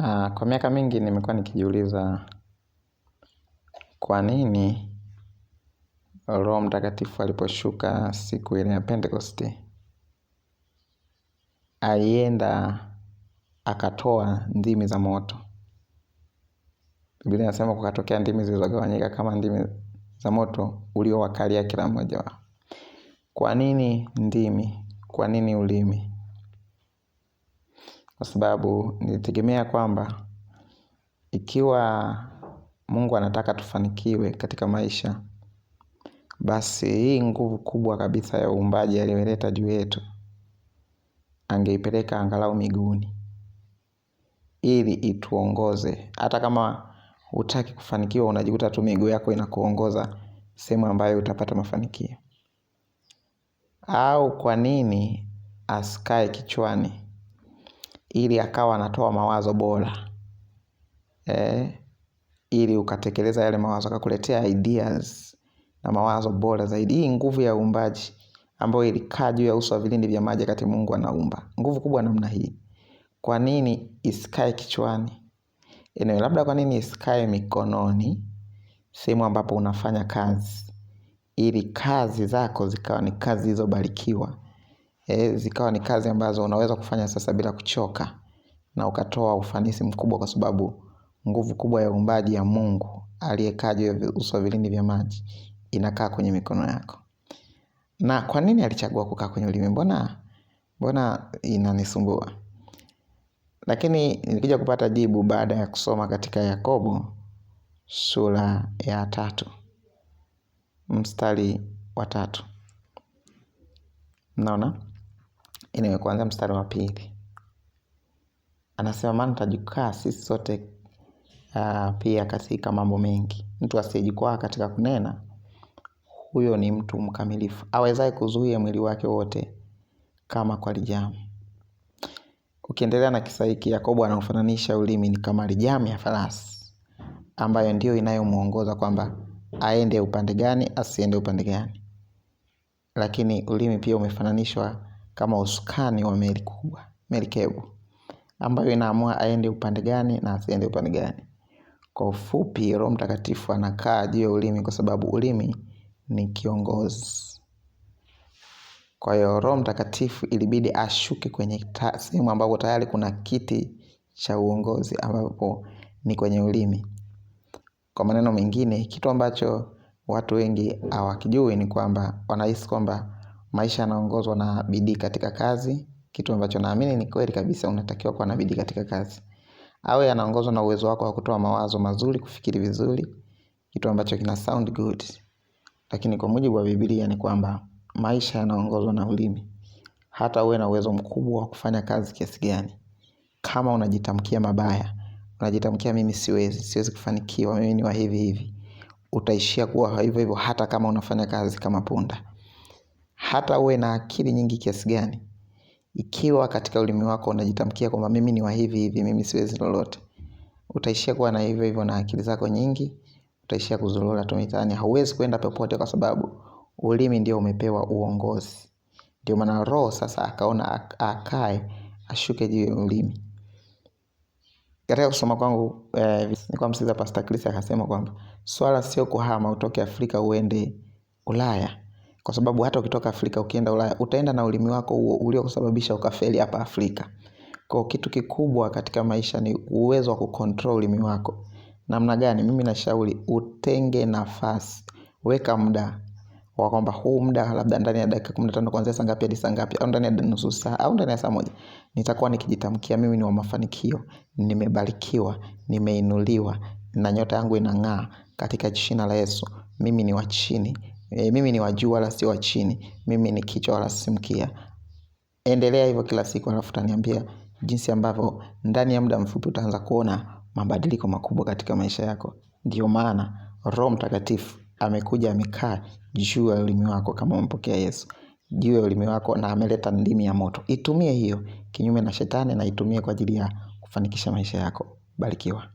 Ah, kwa miaka mingi nimekuwa nikijiuliza kwa nini roho mtakatifu aliposhuka siku ile ya pentekoste alienda akatoa ndimi za moto Biblia inasema kukatokea ndimi zilizogawanyika kama ndimi za moto uliowakalia kila mmoja wao Kwa nini ndimi? Kwa nini ulimi? Kwa sababu nilitegemea kwamba ikiwa mungu anataka tufanikiwe katika maisha Basi hii nguvu kubwa kabisa ya uumbaji aliyoleta juu yetu Angeipeleka angalau miguuni ili ituongoze Hata kama hutaki kufanikiwa unajikuta tu miguu yako inakuongoza sehemu ambayo utapata mafanikio au kwa nini asikae kichwani ili akawa anatoa mawazo bora e, ili ukatekeleza yale mawazo, akakuletea ideas na mawazo bora zaidi. Hii nguvu ya uumbaji ambayo ilikaa juu ya uso wa vilindi vya maji wakati Mungu anaumba, nguvu kubwa namna hii, kwa nini isikae kichwani eneo? Labda kwa nini isikae mikononi, sehemu ambapo unafanya kazi, ili kazi zako zikawa ni kazi zilizobarikiwa. E, zikawa ni kazi ambazo unaweza kufanya sasa bila kuchoka na ukatoa ufanisi mkubwa kwa sababu nguvu kubwa ya uumbaji ya mungu aliyekaa juu ya uso wa vilindi vya maji inakaa kwenye mikono yako na kwa nini alichagua kukaa kwenye ulimi mbona mbona inanisumbua lakini nilikuja kupata jibu baada ya kusoma katika yakobo sura ya tatu mstari wa tatu mnaona Anyway, kuanzia mstari wa pili anasema, maana tutajikaa sisi sote uh, pia katika mambo mengi. Mtu asiyejikwaa katika kunena, huyo ni mtu mkamilifu, awezaye kuzuia mwili wake wote kama kwa lijamu. Ukiendelea na kisa hiki, Yakobo anaofananisha ulimi ni kama lijamu ya farasi ambayo ndio inayomwongoza kwamba aende upande gani, asiende upande gani. Lakini ulimi pia umefananishwa kama usukani wa meli kubwa, merikebu ambayo inaamua aende upande gani na asiende upande gani. Kwa ufupi Roho Mtakatifu anakaa juu ya ulimi kwa sababu ulimi ni kiongozi. Kwa hiyo Roho Mtakatifu ilibidi ashuke kwenye sehemu ambapo tayari kuna kiti cha uongozi ambapo ni kwenye ulimi. Kwa maneno mengine, kitu ambacho watu wengi hawakijui ni kwamba wanahisi kwamba maisha yanaongozwa na bidii katika kazi Kitu ambacho naamini ni kweli kabisa unatakiwa kuwa na bidii katika kazi awe yanaongozwa na uwezo wako wa kutoa mawazo mazuri kufikiri vizuri Kitu ambacho kina sound good Lakini kwa mujibu wa biblia ni kwamba maisha yanaongozwa na ulimi Hata uwe na uwezo mkubwa wa kufanya kazi kiasi gani kama unajitamkia mabaya Unajitamkia mimi siwezi Siwezi kufanikiwa mimi ni wa hivi hivi Utaishia kuwa hivyo hivyo hata kama unafanya kazi kama punda hata uwe na akili nyingi kiasi gani ikiwa katika ulimi wako unajitamkia kwamba mimi ni wa hivi hivi mimi siwezi lolote utaishia kuwa na hivyo hivyo na akili zako nyingi utaishia kuzurura tu mitaani hauwezi kwenda popote kwa sababu ulimi ndio umepewa uongozi ndio maana roho sasa akaona akae ashuke juu ya ulimi katika kusoma kwangu eh, nikuwa msikiza Pastor Chris akasema kwamba swala sio kuhama utoke Afrika uende Ulaya kwa sababu hata ukitoka Afrika ukienda Ulaya utaenda na ulimi wako huo uliokusababisha ukafeli hapa Afrika. Kwa kitu kikubwa katika maisha ni uwezo wa kucontrol ulimi wako. Namna gani mimi nashauri utenge nafasi. Weka muda wa kwamba huu muda labda ndani ya dakika kumi na tano kuanzia saa ngapi hadi saa ngapi au ndani ya nusu saa au ndani ya saa moja nitakuwa nikijitamkia mimi ni wa mafanikio, nimebarikiwa, nimeinuliwa na nyota yangu inang'aa katika jina la Yesu. Mimi ni wa chini Eh, mimi ni wajuu wala si wa chini. Mimi ni kichwa wala si mkia. Endelea hivyo kila siku alafu utaniambia jinsi ambavyo ndani ya muda mfupi utaanza kuona mabadiliko makubwa katika maisha yako. ndio maana roho mtakatifu amekuja amekaa juu ya ulimi wako kama umempokea Yesu. Juu ya ulimi wako na ameleta ndimi ya moto. Itumie hiyo kinyume na shetani na itumie kwa ajili ya kufanikisha maisha yako. Barikiwa.